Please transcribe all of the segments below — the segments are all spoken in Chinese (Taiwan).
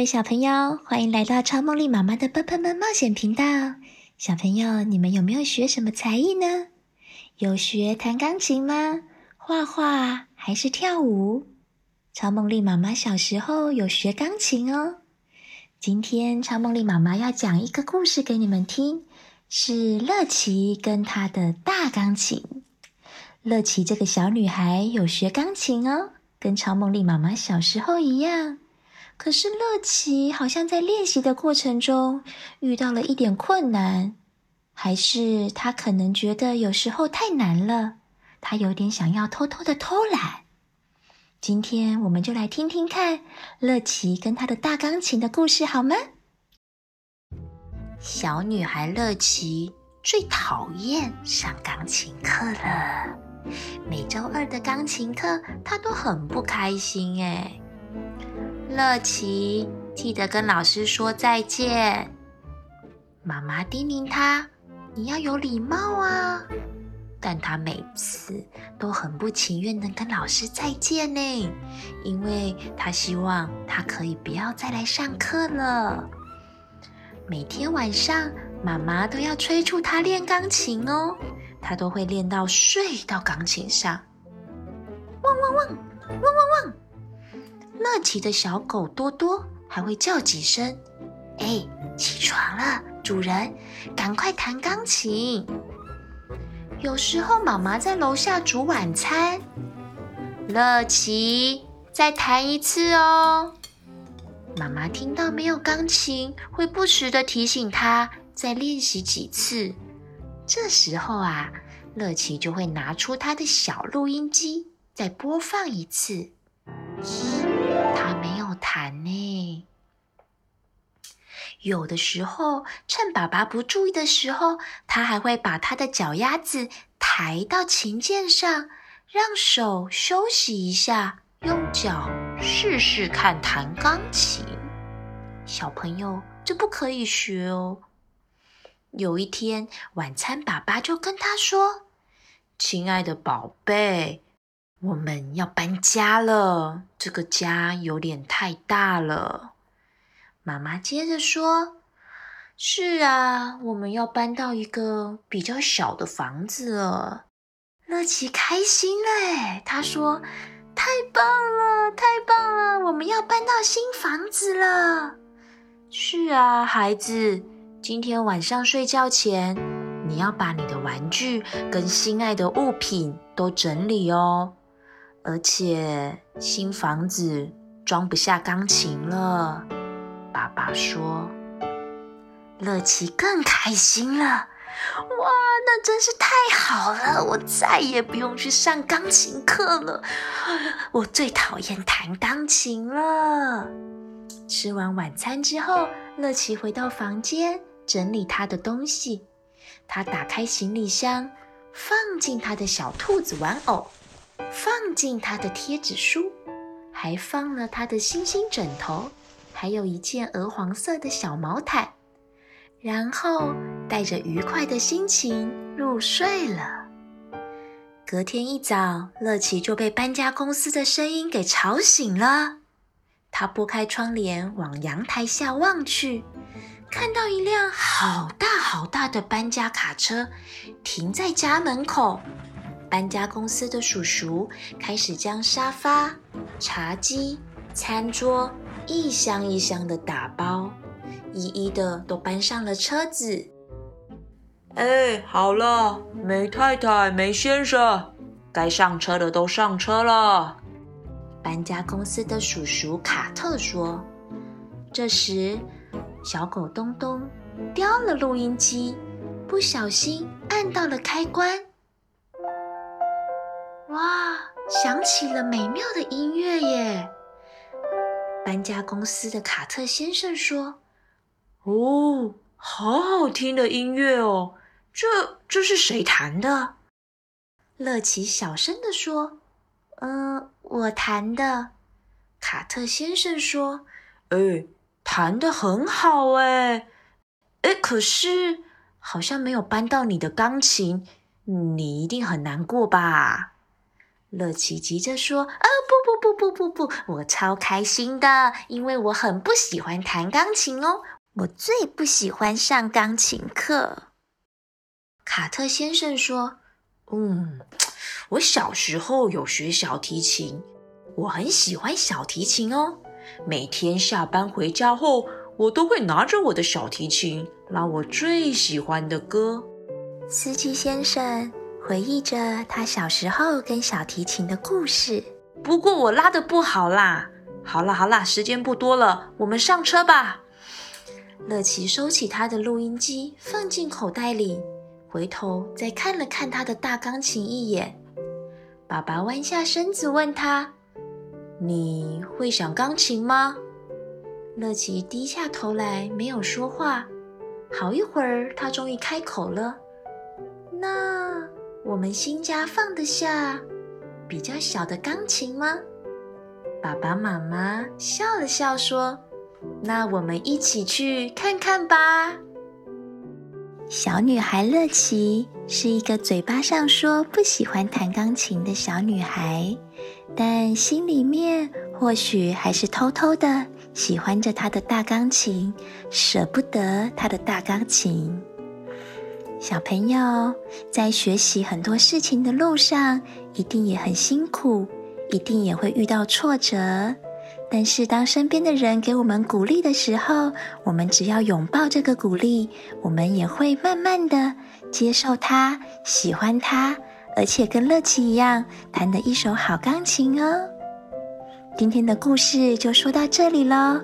各位小朋友，歡迎來到超夢莉媽媽的“砰砰砰”冒險頻道。小朋友，你們有沒有學什麼才藝呢？有學彈鋼琴嗎？畫畫還是跳舞？超夢莉媽媽小時候有學鋼琴哦。今天超夢莉媽媽要講一個故事給你們聽，是樂琪跟她的大鋼琴。樂琪這個小女孩有學鋼琴哦，跟超夢莉媽媽小時候一樣。可是樂琪好像在練習的過程中遇到了一點困難，還是她可能覺得有時候太難了，她有點想要偷偷的偷懶。今天我們就來聽聽看樂琪跟她的大鋼琴的故事，好嗎？小女孩樂琪最討厭上鋼琴課了，每周二的鋼琴課她都很不開心誒，誒樂琪，記得跟老師說再見。媽媽叮嚀他，你要有禮貌啊。但他每次都很不情願能跟老師再見呢，因為他希望他可以不要再來上課了。每天晚上，媽媽都要催促他練鋼琴哦，他都會練到睡到鋼琴上。汪汪汪，汪汪汪。樂琪的小狗多多還會叫幾聲。哎，起床了，主人，趕快彈鋼琴。有時候媽媽在樓下煮晚餐，樂琪再彈一次哦。媽媽聽到沒有鋼琴，會不時地提醒她再練習幾次。這時候啊，樂琪就會拿出她的小錄音機，再播放一次。他沒有彈呢。有的時候，趁爸爸不注意的時候，他還會把他的腳丫子抬到琴鍵上，讓手休息一下，用腳試試看彈鋼琴。小朋友，這不可以學哦。有一天晚餐，爸爸就跟他說：“親愛的寶貝。”我們要搬家了，這個家有點太大了。媽媽接着說：“是啊，我們要搬到一個比較小的房子了。”樂琪開心嘞，她說：“太棒了，太棒了，我們要搬到新房子了。”是啊，孩子，今天晚上睡覺前，你要把你的玩具跟心愛的物品都整理哦。而且新房子裝不下鋼琴了，爸爸說。樂琪更開心了，哇，那真是太好了！我再也不用去上鋼琴課了，我最討厭彈鋼琴了。吃完晚餐之後，樂琪回到房間整理她的東西。她打開行李箱，放進她的小兔子玩偶。放進他的貼紙書，還放了他的星星枕頭，還有一件鵝黃色的小毛毯，然後帶着愉快的心情入睡了。隔天一早，樂琪就被搬家公司的聲音給吵醒了。他撥開窗簾，往陽台下望去，看到一輛好大好大的搬家卡車停在家門口。搬家公司的叔叔開始將沙發、茶几、餐桌一箱一箱的打包，一一的都搬上了車子。哎，好了，梅太太、梅先生，該上車的都上車了。搬家公司的叔叔卡特說。這時，小狗東東叼了錄音機，不小心按到了開關。哇！響起了美妙的音樂耶！搬家公司的卡特先生說：“哦，好好聽的音樂哦，這這是誰彈的？”樂琪小聲的說：“嗯、呃，我彈的。”卡特先生說：“哎，彈得很好哎，哎，可是好像沒有搬到你的鋼琴，你一定很難過吧？”樂琪急着說：“啊、哦，不不不不不不，我超開心的，因為我很不喜歡彈鋼琴哦，我最不喜歡上鋼琴課。”卡特先生說：“嗯，我小時候有學小提琴，我很喜歡小提琴哦。每天下班回家後，我都會拿着我的小提琴拉我最喜歡的歌。”司機先生。回憶着他小時候跟小提琴的故事。不過我拉的不好啦。好啦好啦，時間不多了，我們上車吧。樂琪收起他的錄音機，放進口袋裡，回頭再看了看他的大鋼琴一眼。爸爸彎下身子問他：“你會想鋼琴嗎？”樂琪低下頭來，沒有說話。好一會兒，他終於開口了：“那……”我們新家放得下比較小的鋼琴嗎？爸爸媽媽笑了笑說：“那我們一起去看看吧。”小女孩樂琪是一個嘴巴上說不喜歡彈鋼琴的小女孩，但心裡面或許還是偷偷的喜歡着她的大鋼琴，捨不得她的大鋼琴。小朋友在學習很多事情的路上，一定也很辛苦，一定也會遇到挫折。但是，當身邊的人給我們鼓勵的時候，我們只要擁抱這個鼓勵，我們也會慢慢的接受它，喜歡它，而且跟樂琪一樣，彈得一手好鋼琴哦。今天的故事就說到這裡嘍，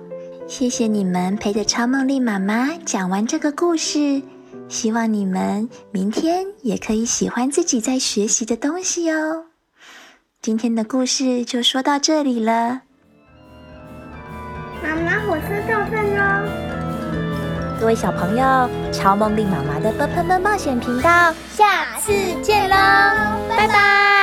謝謝你們陪着超夢麗媽媽講完這個故事。希望你們明天也可以喜歡自己在學習的東西哦。今天的故事就說到這裡了。媽媽，火車到站嘍。各位小朋友，超夢莉媽媽的“奔奔奔”冒險頻道，下次見嘍，拜拜。拜拜。